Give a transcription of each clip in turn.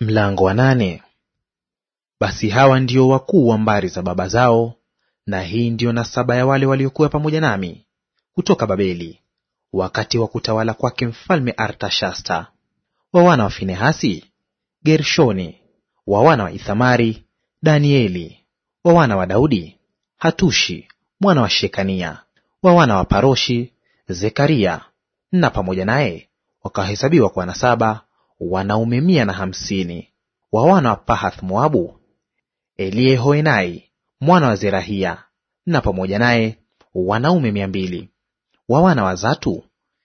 Mlango wa nane. Basi hawa ndio wakuu wa mbari za baba zao, na hii ndiyo nasaba ya wale waliokuwa pamoja nami kutoka Babeli wakati wa kutawala kwake mfalme Artashasta. Wa wana wa Finehasi, Gershoni; wa wana wa Ithamari, Danieli; wa wana wa Daudi, Hatushi mwana wa Shekania; wa wana wa Paroshi, Zekaria; na pamoja naye wakahesabiwa kwa nasaba wanaume mia na hamsini wa wana wa Pahath Moabu, Eliehoenai mwana wa Zerahia, na pamoja naye wanaume mia mbili wa wana wa Zatu,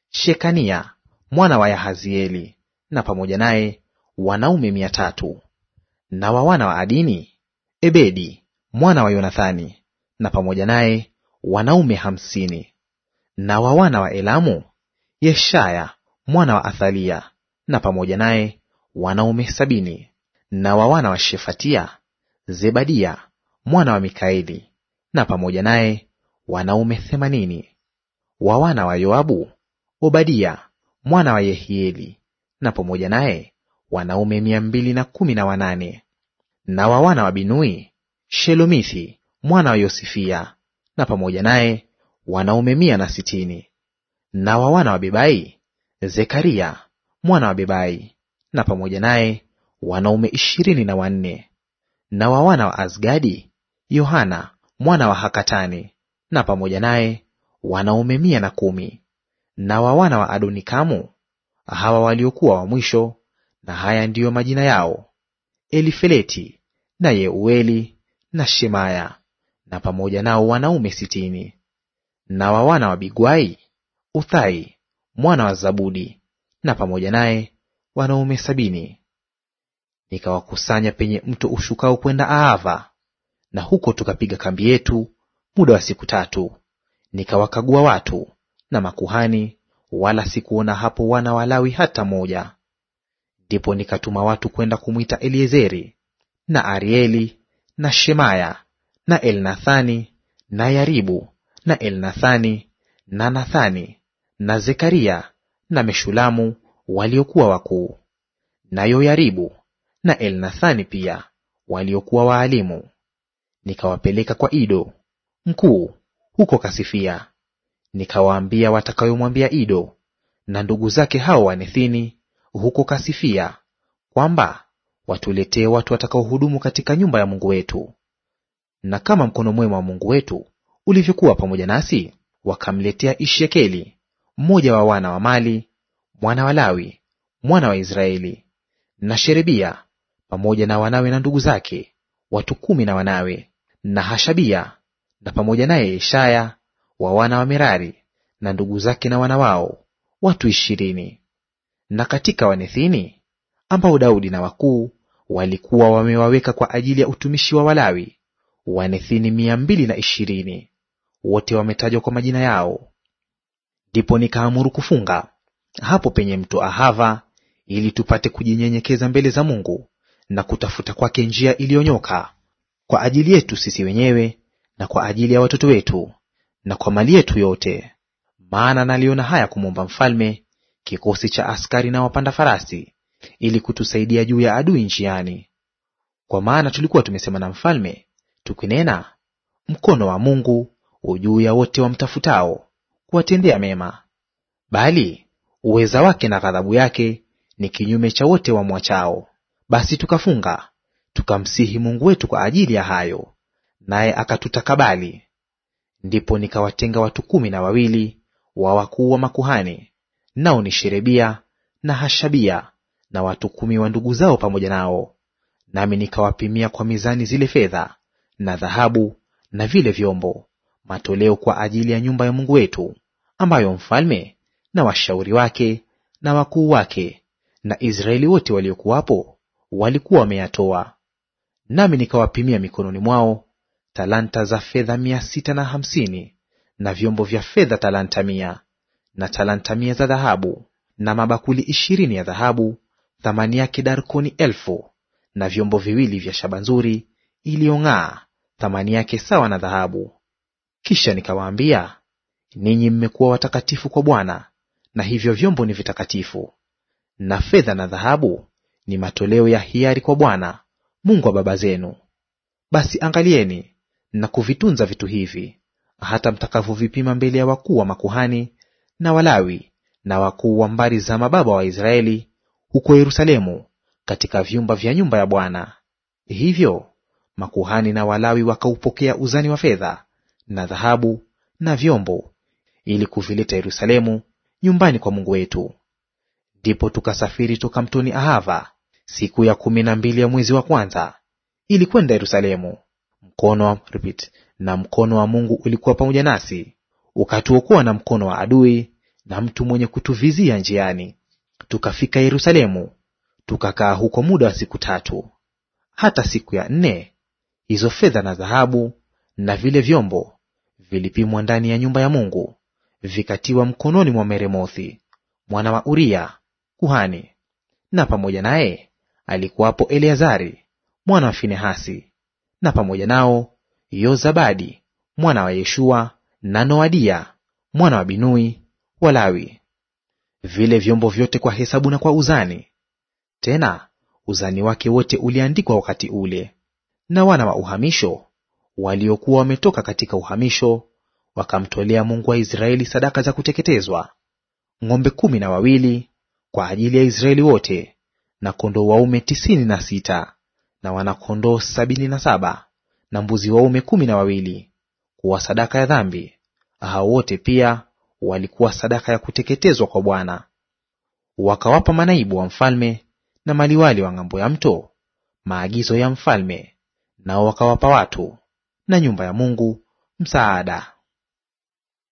Shekania mwana wa Yahazieli, na pamoja naye wanaume mia tatu na wa wana wa Adini, Ebedi mwana wa Yonathani, na pamoja naye wanaume hamsini na wa wana wa Elamu, Yeshaya mwana wa Athalia, na pamoja naye wanaume sabini. Na wa wana wa Shefatia Zebadia mwana wa Mikaeli, na pamoja naye wanaume themanini. Wa wana wa Yoabu Obadia mwana wa Yehieli, na pamoja naye wanaume mia mbili na kumi na wanane. Na wa wana wa Binui Shelomithi mwana wa Yosifia, na pamoja naye wanaume mia na sitini. Na wa wana wa Bebai Zekaria mwana wa Bebai, na pamoja naye wanaume ishirini na wanne. Na wa wana wa Azgadi Yohana mwana wa Hakatani, na pamoja naye wanaume mia na kumi. Na wa wana wa Adonikamu hawa waliokuwa wa mwisho, na haya ndiyo majina yao: Elifeleti na Yeueli na Shemaya, na pamoja nao wanaume sitini. Na wa wana wa Bigwai Uthai mwana wa Zabudi na pamoja naye wanaume sabini. Nikawakusanya penye mto ushukao kwenda Aava, na huko tukapiga kambi yetu muda wa siku tatu. Nikawakagua watu na makuhani, wala sikuona hapo wana Walawi hata moja. Ndipo nikatuma watu kwenda kumwita Eliezeri na Arieli na Shemaya na Elnathani na Yaribu na Elnathani na Nathani na Zekaria na Meshulamu waliokuwa wakuu, na Yoyaribu na Elnathani pia waliokuwa waalimu. Nikawapeleka kwa Ido mkuu huko Kasifia, nikawaambia watakayomwambia Ido na ndugu zake hao Wanethini huko Kasifia, kwamba watuletee watu watakaohudumu katika nyumba ya Mungu wetu. Na kama mkono mwema wa Mungu wetu ulivyokuwa pamoja nasi, wakamletea Ishekeli mmoja wa wana wa Mali mwana wa Lawi mwana wa Israeli, na Sherebia pamoja na wanawe na ndugu zake watu kumi na wanawe, na Hashabia na pamoja naye Yeshaya wa wana wa Merari na ndugu zake na wana wao watu ishirini. Na katika Wanethini ambao Daudi na wakuu walikuwa wamewaweka kwa ajili ya utumishi wa Walawi, Wanethini mia mbili na ishirini wote wametajwa kwa majina yao Ndipo nikaamuru kufunga hapo penye mto Ahava, ili tupate kujinyenyekeza mbele za Mungu na kutafuta kwake njia iliyonyoka, kwa ajili yetu sisi wenyewe na kwa ajili ya watoto wetu na kwa mali yetu yote. Maana naliona haya kumwomba mfalme kikosi cha askari na wapanda farasi, ili kutusaidia juu ya adui njiani. Kwa maana tulikuwa tumesema na mfalme tukinena, mkono wa Mungu ujuu ya wote wamtafutao, kuwatendea mema, bali uweza wake na ghadhabu yake ni kinyume cha wote wamwachao. Basi tukafunga tukamsihi Mungu wetu kwa ajili ya hayo, naye akatutakabali. Ndipo nikawatenga watu kumi na wawili wa wakuu wa makuhani, nao ni Sherebia na Hashabia na watu kumi wa ndugu zao pamoja nao, nami nikawapimia kwa mizani zile fedha na dhahabu na vile vyombo, matoleo kwa ajili ya nyumba ya Mungu wetu ambayo mfalme na washauri wake na wakuu wake na Israeli wote waliokuwapo walikuwa wameyatoa. Nami nikawapimia mikononi mwao talanta za fedha mia sita na hamsini na vyombo vya fedha talanta mia na talanta mia za dhahabu na mabakuli ishirini ya dhahabu thamani yake darkoni elfu na vyombo viwili vya shaba nzuri iliyong'aa thamani yake sawa na dhahabu. Kisha nikawaambia, Ninyi mmekuwa watakatifu kwa Bwana, na hivyo vyombo ni vitakatifu. Na fedha na dhahabu ni matoleo ya hiari kwa Bwana Mungu wa baba zenu. Basi angalieni na kuvitunza vitu hivi, hata mtakavyovipima mbele ya wakuu wa makuhani na Walawi na wakuu wa mbari za mababa wa Israeli huko Yerusalemu, katika vyumba vya nyumba ya Bwana. Hivyo makuhani na Walawi wakaupokea uzani wa fedha na dhahabu na vyombo ili kuvileta Yerusalemu nyumbani kwa Mungu wetu. Ndipo tukasafiri toka mtoni Ahava siku ya kumi na mbili ya mwezi wa kwanza ili kwenda Yerusalemu. Mkono wa, repeat, na mkono wa Mungu ulikuwa pamoja nasi, ukatuokoa na mkono wa adui na mtu mwenye kutuvizia njiani. Tukafika Yerusalemu, tukakaa huko muda wa siku tatu. Hata siku ya nne hizo fedha na dhahabu na vile vyombo vilipimwa ndani ya nyumba ya Mungu, vikatiwa mkononi mwa Meremothi mwana wa Uria kuhani, na pamoja naye alikuwapo Eleazari mwana wa Finehasi, na pamoja nao Yozabadi mwana wa Yeshua na Noadia mwana wa Binui Walawi. Vile vyombo vyote kwa hesabu na kwa uzani, tena uzani wake wote uliandikwa wakati ule. Na wana wa uhamisho waliokuwa wametoka katika uhamisho wakamtolea Mungu wa Israeli sadaka za kuteketezwa ng'ombe kumi na wawili kwa ajili ya Israeli wote na kondoo waume tisini na sita na wanakondoo sabini na saba na mbuzi waume kumi na wawili kuwa sadaka ya dhambi. Hao wote pia walikuwa sadaka ya kuteketezwa kwa Bwana. Wakawapa manaibu wa mfalme na maliwali wa ng'ambo ya mto maagizo ya mfalme, nao wakawapa watu na nyumba ya Mungu msaada.